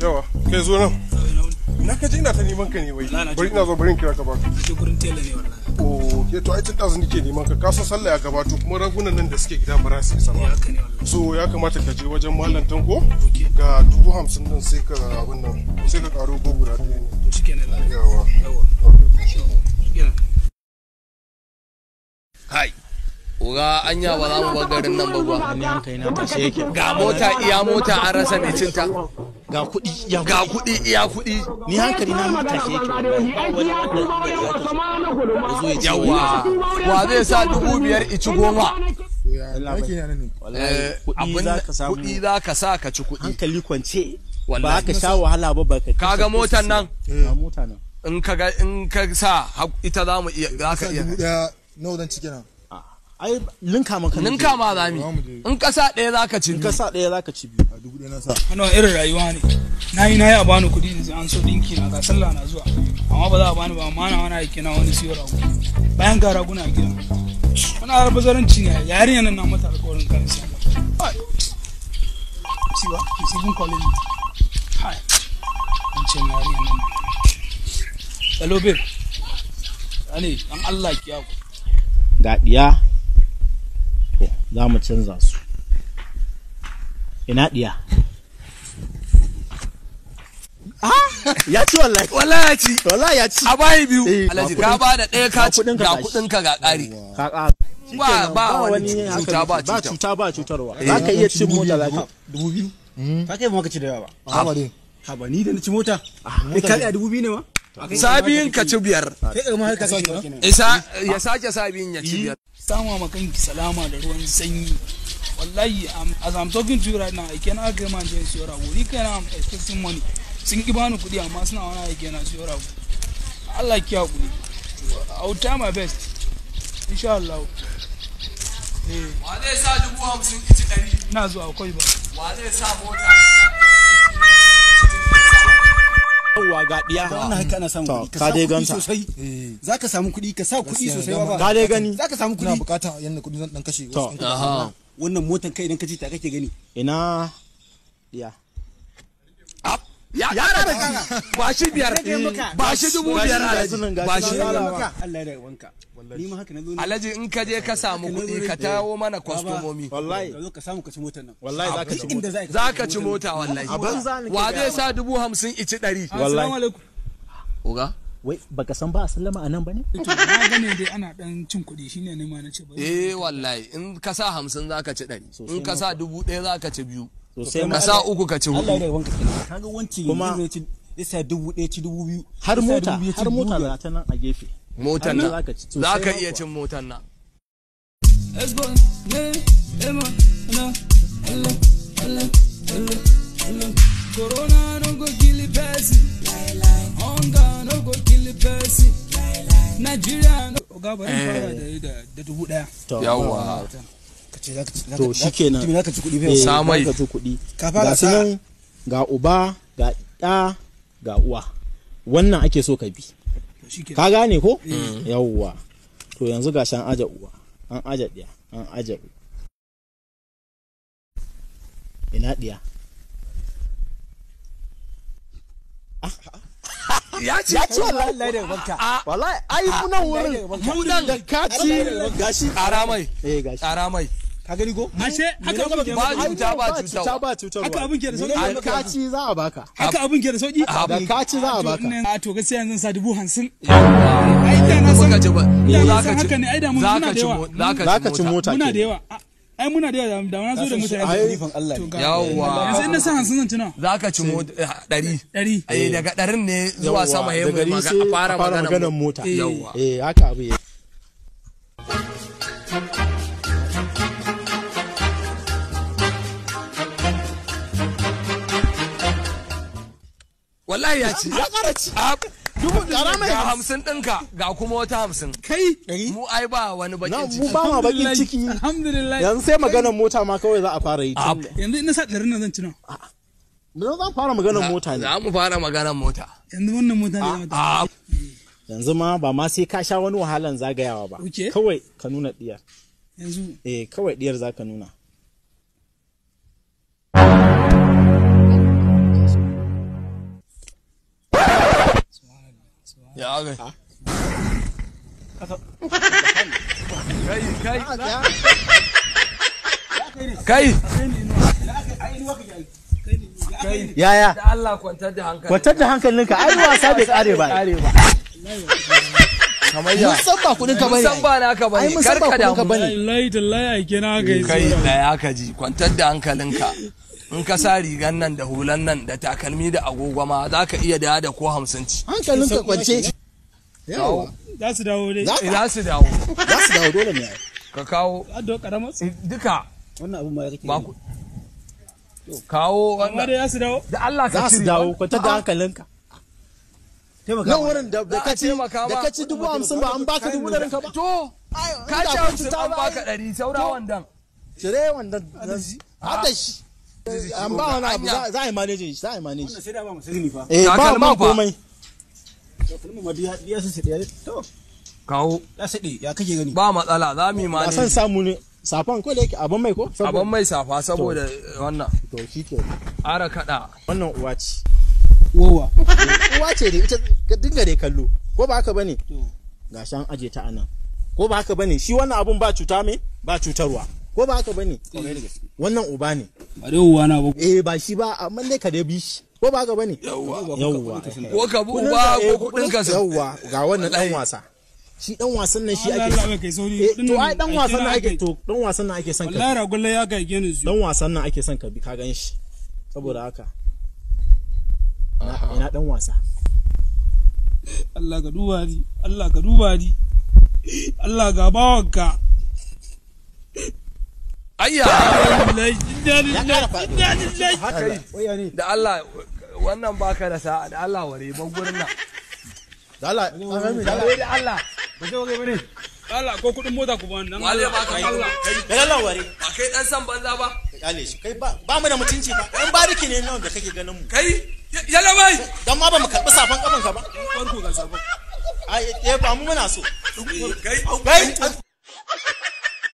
yawa kai zo nan na ka ina ta neman ka ne wai bari ina zo bari kira ka baka je gurin tela ne wallahi oh ke to ai tun ɗazu nake neman ka ka san sallah ya gabato kuma rangunan nan da suke gida ba za su isa ba eh, so ya kamata ka je wajen mallam tanko ga dubu hamsin din sai ka abin nan sai ka karo ko guda ɗaya ne to shikenan yawa kai Ura anya ba za mu bar garin nan ba ba. Ga mota iya mota an rasa mai cinta. ga kuɗi ya ga kuɗi ya kuɗi ni hankali na mata ke yake yawa wa zai sa dubu biyar ici goma eh, kuɗi za ka sa ka ci kuɗi hankali kwance ba ka sha wahala ba ba ka ga motan eh. nan in ka sa ita za mu iya za ka iya nawa zan ci kenan ai linka maka linka ma za mu in kasa ɗaya za ka ci in kasa ɗaya za ka ci biyu a dubu ɗaya na sa ana irin rayuwa ne na yi na yi a bani kuɗi sai an so ɗinki na ga sallah na zuwa amma ba za a bani ba amma na wani aiki na wani siyo rago bayan ga raguna a gida wani har bazaranci ne yari, nan na mata alƙawarin kan sallah siwa receiving calling me hai an ce yari nan hello babe ani an Allah ki yago Gaɗiya. to za mu canza su ina diya ya ci wallahi wallahi ya ci wallahi ya ci a bayi biyu eh, alhaji ka ba da ɗaya ka ci ga kudin ka ga ƙari ka ƙara ba ba wani cuta ba cuta ba cuta ba cutarwa eh. za ka iya cin mota lafiya dubu biyu hmm? ka kai ba maka ci da yawa ba ha ba ni da na ci mota ka ah, kai a dubu biyu ne ma sabiin ka ci biyar isa ya sake sabiin ya ci biyar sama ma kanki salama da ruwan sanyi wallahi um, as i'm talking to you right now i can agree man jin siyo wuri ni kai am expecting money sun ki bani kuɗi amma suna wani aiki na siyo rago Allah ki hakuri i will try my best insha Allah eh wa zai sa dubu hamsin ki ci ɗari ina zuwa akwai ba wa zai sa mota yauwa ga diya wannan haka ana samu eh. ka dai ganta sosai zaka samu kuɗi ka sa kuɗi sosai ba ka dai gani samu kuɗi ina bukata yanda kuɗi zan dan kashe wannan motan kai idan ka ci ta kake gani ina diya ya kara biyar ba shi biyar alaji alaji in ka je ka samu kuɗi ka tawo mana kwastomomi wallahi ka ci motar nan wallahi ci mota zaka wa zai dubu hamsin ici ɗari alaikum wai baka san ba sallama a nan ba ne? to gane dai ana dan cin kuɗi shine ne ma na ce ba eh wallahi in ka sa hamsin zaka ci ɗari in ka sa dubu ɗaya zaka ci biyu ka kasa uku ka ci hudu Allah ya wanka kaga dubu ɗaya ci dubu biyu har mota har mota ta nan a gefe za ka iya cin motan nan Corona no go kill a person. Hunger no go kill a person. Nigeria no. Eh. to shikenan zaka ci samai ka ci kuɗi eh, ga sunan ga uba ga ɗa ga uwa wannan ake so ka bi ka gane ko eh. yawwa to yanzu ga shan aja uwa an aja ɗiya an aja ina ah. ya ce wallahi da wallahi ai wurin da kaci gashi eh gashi ka gani ko ashe haka abin ke cuta ba cuta ba cuta haka abin ke da sauki ka ci za a baka haka abin ke da sauki da ka ci za a baka a to gaskiya yanzu sa dubu hamsin ai da na san da ne za ka ci za ka ci mota muna da yawa ai muna da yawa da wani zo da mutane ai rifan Allah yawa yanzu san hamsin zan tuna za ka ci mota eh, ɗari ɗari eh, daga ɗarin ne zuwa sama ya ma a fara maganar mota yawa eh. eh haka abu wallahi ya ci ya fara ci ah, Dubu da ga hamsin ɗinka ga kuma wata hamsin kai mu ai ba wani bakin ciki mu ba ma bakin ciki alhamdulillah yanzu sai maganar mota ma kawai za a fara yi ah. yanzu ina sa ɗari na zan ci nan yanzu za mu fara maganar mota ne za mu fara maganar mota yanzu wannan mota ne ah. yanzu ma ba ma sai ka sha wani wahalan zagayawa ba kawai ka nuna diyar yanzu eh kawai diyar za ka nuna Ja. Ah. Kai, kai. Ah, kai. Da Allah kwantar da hankali. Kwantar da ai wasa bai kare ba. Kare ba. kamar ya musan ba kudin ka bane musan ba na ka bane wallahi yi kai ya ka ji kwantar da hankalinka in ka sa rigan nan da hulan nan da takalmi da agogo ma za ka iya da da ko hamsin ci hankalin ka kwace. yawa za su dawo dai za su dawo za su dawo dole ne ka kawo addo karamar su. Eh, duka wannan abun ma ya kake kawo wannan za su dawo da Allah ka su dawo kwata da hankalin ah. hankalinka nan wurin da kaci da kaci dubu hamsin ba an baka dubu ɗarin ka ba to ka ci hamsin an baka ɗari saura wandan cire wandan hada shi ah. an ba wani abu za a yi za a yi wannan sai da fa eh ba ba komai kawo ya kake gani ba matsala za mu yi san samu ne safan ko da yake abin mai ko abin mai safa saboda wannan to ara kada wannan uwa ce uwa uwa ce ita dinga dai kallo ko ba haka bane gashi an aje ta anan ko ba haka bane shi wannan abun ba cuta me ba cutarwa ko ba haka bane eh. wannan uba ne ba dai uwa na ba eh ba shi ba amma dai ka dai bi shi ko ba haka bane yawwa ko ka bu uba ko eh, kudin ka yawwa ga wannan dan wasa shi dan wasan nan shi ake eh, to ai dan wasan nan ake to dan wasan nan ake son ka wallahi ragulla ya ga gene dan wasan nan ake son ka bi ka gan shi saboda haka ina dan wasa Allah ka duba ni Allah ka duba ni Allah ga bawanka ayya da Allah wannan baka da sa'a da Allah ware ban gurin nan da Allah da Allah ba Allah ko kudin mota ku nan ba ka Allah da Allah ware ba kai dan san banza ba kale shi kai ba ba mu da mutunci ba dan bariki ne nan da kake ganin mu kai yalla bai dan ma ba mu karbi safan kafan ka ba farko ga safan ai eh ba mu muna so kai kai